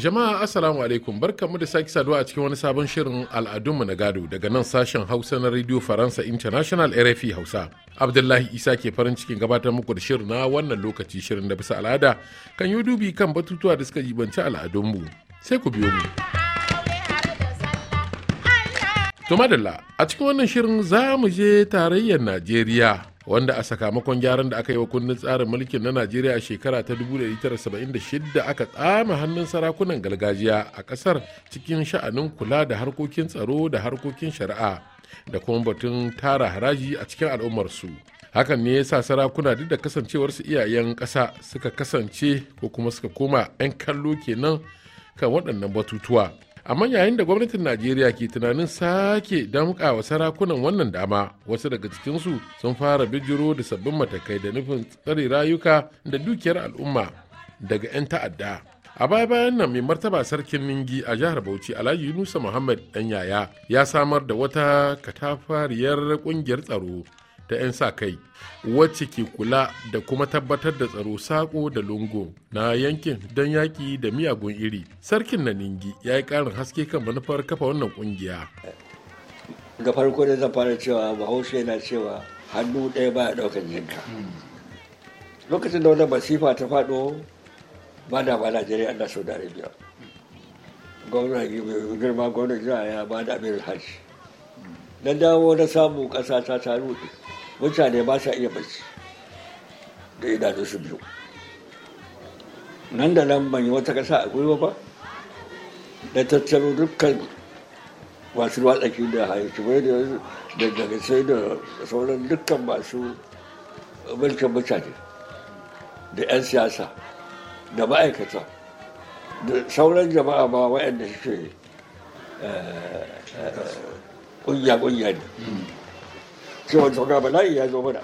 Jama'a Assalamu alaikum barkanmu da sake saduwa a cikin wani sabon shirin al'adunmu na gado daga nan sashen Hausa na Radio Faransa International RFI Hausa. Abdullahi Isa ke farin cikin gabatar muku da shirin na wannan lokaci shirin da bisa al'ada kan yi dubi kan batutuwa da suka jibanci al'adunmu. Sai ku biyo mu. To madalla a cikin wannan shirin za mu je tarayyar Najeriya wanda a sakamakon gyaran da aka yi wa kundin tsarin mulkin na najeriya a shekara ta 1976 aka tsama hannun sarakunan gargajiya a kasar cikin sha'anin kula da harkokin tsaro da harkokin shari'a da kuma batun tara haraji a cikin al'ummarsu hakan ne ya sa sarakuna duk da kasancewarsu iyayen ƙasa suka kasance ko kuma suka koma 'yan kallo kenan kan waɗannan batutuwa amma yayin da gwamnatin najeriya ke tunanin sake wa sarakunan wannan dama wasu daga cikinsu sun fara bijiro da sabbin matakai da nufin tsare rayuka da dukiyar al'umma daga 'yan ta'adda a baya bayan nan mai martaba sarkin ningi a jihar bauchi alhaji yunusa muhammad dan yaya ya samar da wata katafariyar kungiyar tsaro ta 'yan sa kai wacce ke kula da kuma tabbatar da tsaro sako da lungu na yankin don yaƙi da miyagun iri sarkin na ningi ya yi ƙarin haske kan manufar kafa wannan ƙungiya ga farko da zan fara cewa bahaushe yana cewa hannu ɗaya ba ɗaukar jinka lokacin da wannan masifa ta faɗo ba da ba najeriya ana da arabiya gwamnan girma gwamnan jiha ya ba da abin hajji na dawo na samu ƙasa ta taru mutane ba sa iya bacci da idanu su biyu nan da nan ban yi wata kasa a gwiwa ba da tattaro dukkan masu watsaki da haikimai da dagasai da sauran dukkan masu mulkin mutane da 'yan siyasa da ma'aikata da sauran jama'a ba waɗanda suke eh, eh, ƙungiya-ƙungiya ne hmm. cewa ga bala'i ya zo mana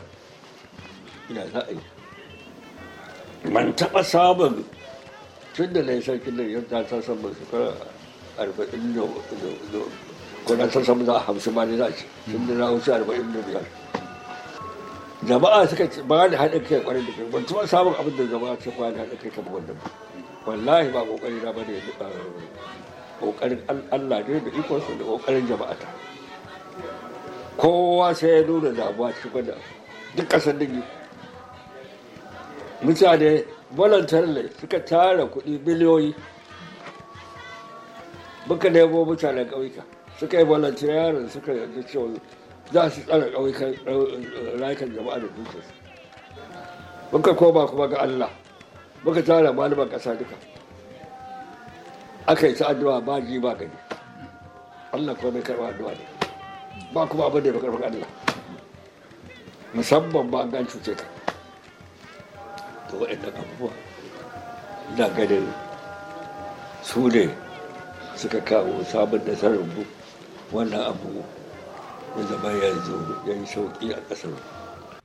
ina za a yi man taɓa samun tun da nan yau ta samun shekara arba'in da samun za a hamsin ma ne za a ce tun da na hausa arba'in da biyar jama'a suka ce ba haɗin kai da kai ban taɓa samun abin da jama'a ce ba haɗin kai kamar wannan wallahi ba ƙoƙari na ba ne eh, Allah ne da ikonsa da ƙoƙarin jama'a kowa sai ya nuna damuwa cikin da duk ƙasar digi mutane voluntarily suka tara kuɗi miliyoyi muka nemo mutanen ƙauyuka suka yi yaron suka yanzu cewa za su tsara ƙauyukan eh, rayukan jama'a da dukkansu muka koma kuma ga Allah muka tara malaman ƙasa duka aka yi ta addu'a ba ji ba gani Allah kuma mai karɓa addu'a ne ba kuma abin da ya karfin Allah musamman ba gan cuce ka to waɗannan abubuwa ina ganin su ne suka kawo sabon nasarar mu wannan abu ya zama ya yi sauƙi a ƙasar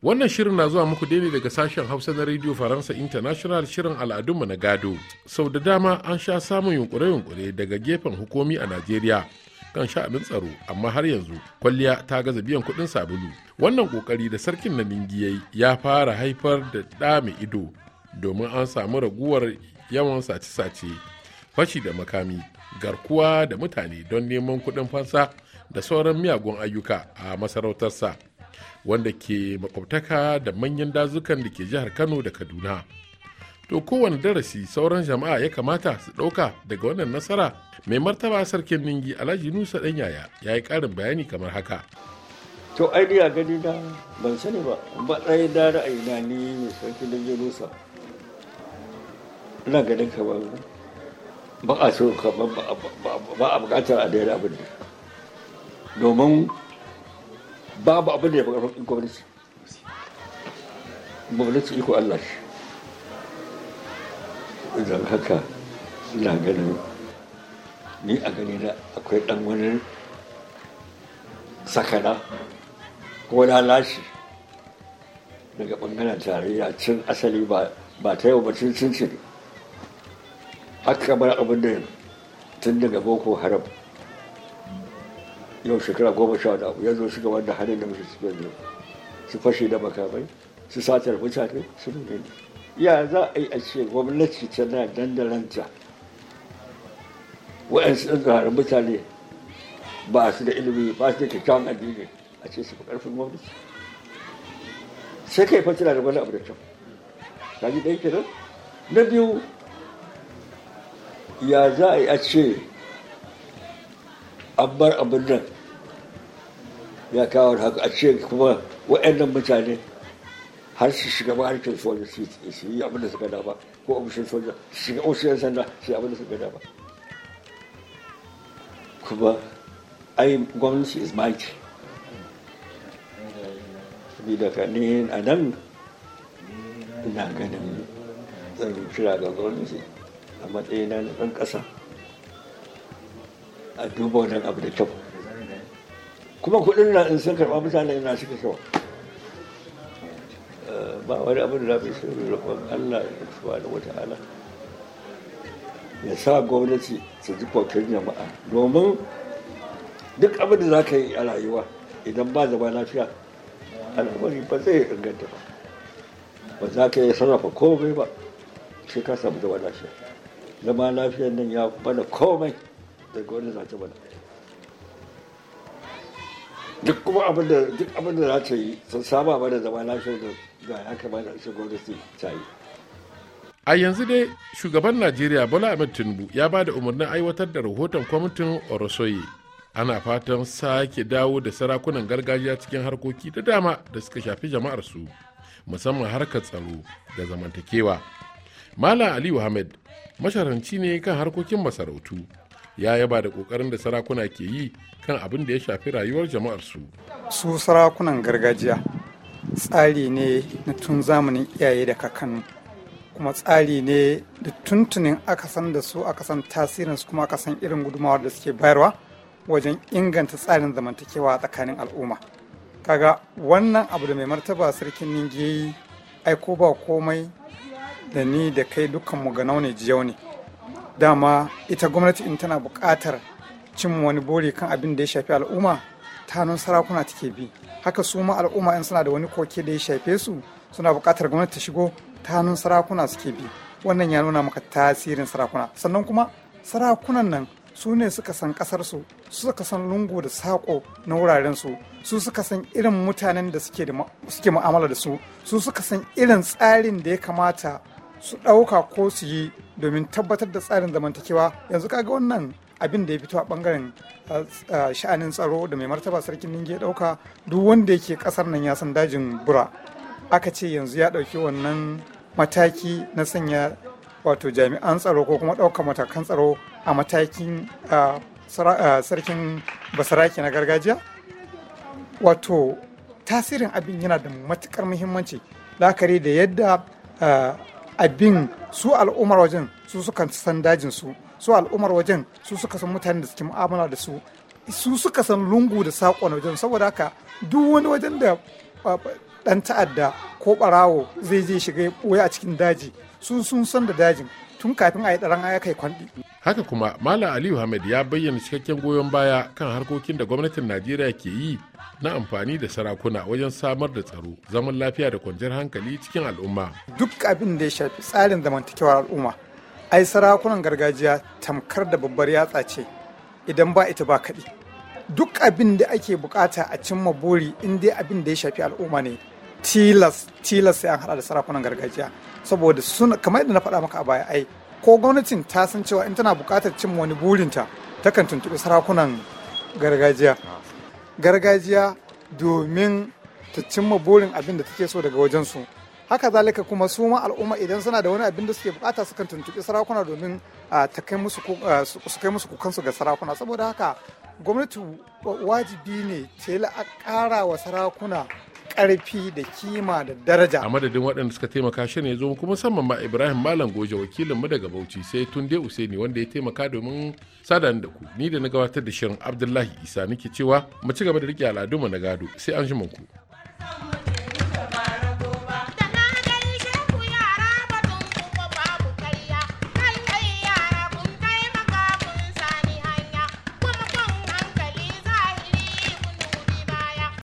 wannan shirin na zuwa muku daidai daga sashen hausa na radio faransa international shirin al'adunmu na gado sau da dama an sha samun yunkure-yunkure daga gefen hukumi a najeriya kan sha'anin tsaro amma har yanzu kwalliya ta gaza biyan kuɗin sabulu wannan kokari da sarkin na ningi ya fara haifar da ɗa ido domin an samu raguwar yawan sace-sace fashi da makami garkuwa da mutane don neman kuɗin fansa da sauran miyagun ayyuka a masarautarsa wanda ke makwabtaka da manyan dazukan da ke jihar kano da kaduna to kowane darasi sauran jama'a ya kamata su ɗauka daga wannan nasara mai martaba sarkin ningi alhaji nusa ɗan yaya ya yi ƙarin bayani kamar haka to ai da gani na ban sani ba ba ɗaya da ra'ayi na ni mai sarki ningi nusa ina ganin kamar ba a so kamar ba a bukatar a daidai abin da domin babu abin da ya bukatar gwamnati gwamnati iko Allah shi don haka ina ganin ni a gani da akwai dan wani sakana ko lalashi daga bangaren tarayya cin asali ba ta yau ba cin cin cin haka bar abin da tun daga boko haram yau shekara goma sha da ya zo shiga wanda hannun da muke su fashe da makamai su satar mutane su nuna ne ya za a yi a ce gwamnati tana dandalanta wa'yansu ɗan zuwa mutane ba su da ilimi ba su da kyakkyawan addini a ce su fi ƙarfin gwamnati sai kai fatila da wani abu da kyau ji ɗaya kenan na biyu ya za a yi a ce an bar abin nan ya kawo haka a ce kuma wa'annan mutane har su shiga ba harkar soja su yi abin da suka da ba ko ofishin soja su shiga ofishin sanda su yi abinda da suka da ba kuma ai gwamnati is mighty saboda ka ne a nan ina ganin zan kira ga gwamnati a matsayina na ɗan ƙasa a duba wannan abu da kyau kuma kuɗin na in sun karɓa mutane na suka kyau ba wani abin da mai sai roƙon Allah wata wata'ala ya sa gwamnati su ji kokin jama'a domin duk abin da za ka yi a rayuwa idan ba zama lafiya al'amari ba zai inganta ba ba za ka yi sarrafa komai ba shi ka samu zama lafiya zama lafiyan nan ya bana komai daga wani zace bada. duk kuma abin da duk abin da za yi sun saba mana zama lafiya da ya kamata ita gwamnati ta yi a yanzu dai shugaban najeriya bola ahmed tinubu ya ba da umarnin aiwatar da rahoton kwamitin orosoyi ana fatan sake dawo da sarakunan gargajiya cikin harkoki da dama da suka shafi jama'ar su musamman harkar tsaro da zamantakewa malam aliyu ahmed masharanci ne kan harkokin masarautu ya yaba da kokarin da sarakuna ke yi kan abin da ya shafi rayuwar jama'arsu su sarakunan gargajiya tsari ne na tun zamanin iyaye da kakanni kuma tsari ne da tuntunin aka san da su aka san tasirinsu kuma aka san irin gudumawa da suke bayarwa wajen inganta tsarin zamantakewa tsakanin al'umma kaga wannan abu da mai martaba sarkin ninge yi aiko ba komai da ni da kai dukkanmu ga ne jiyau ne dama ita gwamnati in tana buƙatar cin wani bore kan abin da ya shafi al'umma ta nun sarakuna take bi haka su ma al'umma in suna da wani koke da ya shafe su suna buƙatar gwamnati ta shigo ta nun sarakuna suke bi wannan ya nuna maka tasirin sarakuna sannan kuma sarakunan nan su ne suka san ƙasarsu su su suka san lungu da saƙo na wuraren su su suka san irin mutanen da suke mu'amala da su su suka san irin tsarin da ya kamata su ɗauka ko su yi domin tabbatar da tsarin zamantakewa yanzu kaga wannan abin da ya fito a bangaren sha'anin tsaro da mai martaba sarkin ninge dauka duk wanda yake kasar nan ya san dajin bura aka ce yanzu ya dauki wannan mataki na sanya wato jami'an tsaro ko kuma ɗaukar matakan tsaro a matakin sarkin basaraki na gargajiya wato tasirin abin yana da matukar muhimmanci lakari da yadda abin su al'ummar wajen su suka san dajin su su al'ummar wajen su suka san mutane da suke mu'amala da su su suka san lungu da saƙo na wajen saboda haka duk wani wajen da dan ta'adda ko barawo zai je shiga ya a cikin daji su sun san da dajin tun kafin a yi daren ayakai kai kwanɗi haka kuma malam aliyu hamad ya bayyana cikakken goyon baya kan harkokin da gwamnatin najeriya ke yi na amfani da sarakuna wajen samar da tsaro zaman lafiya da kwanciyar hankali cikin al'umma duk abin da ya shafi tsarin zamantakewar al'umma ai sarakunan gargajiya tamkar da babbar yatsa ce idan ba ita ba kaɗi duk abin da ake bukata a cimma buri in dai abin da ya shafi al'umma ne tilas tilas sai an haɗa da sarakunan gargajiya saboda suna kamar yadda na faɗa maka a baya ai ko gwamnatin ta san cewa in tana buƙatar cin wani burinta takan tuntuɓi sarakunan gargajiya gargajiya domin ta cimma burin abin da take so daga wajensu haka zalika kuma su ma al'umma idan suna da wani abin da suke bukata sukan tuntuɓi sarakuna domin ta kai musu su kai musu kukansu ga sarakuna saboda haka gwamnati wajibi ne ta yi la'akara wa sarakuna karfi da kima da daraja a madadin waɗanda suka taimaka shi ne zo kuma musamman ma ibrahim malam goje wakilin mu daga bauchi sai tun tunde usaini wanda ya taimaka domin sada da ku ni da na gabatar da shirin abdullahi isa nake cewa mu ci gaba da riƙe al'adunmu na gado sai an ku.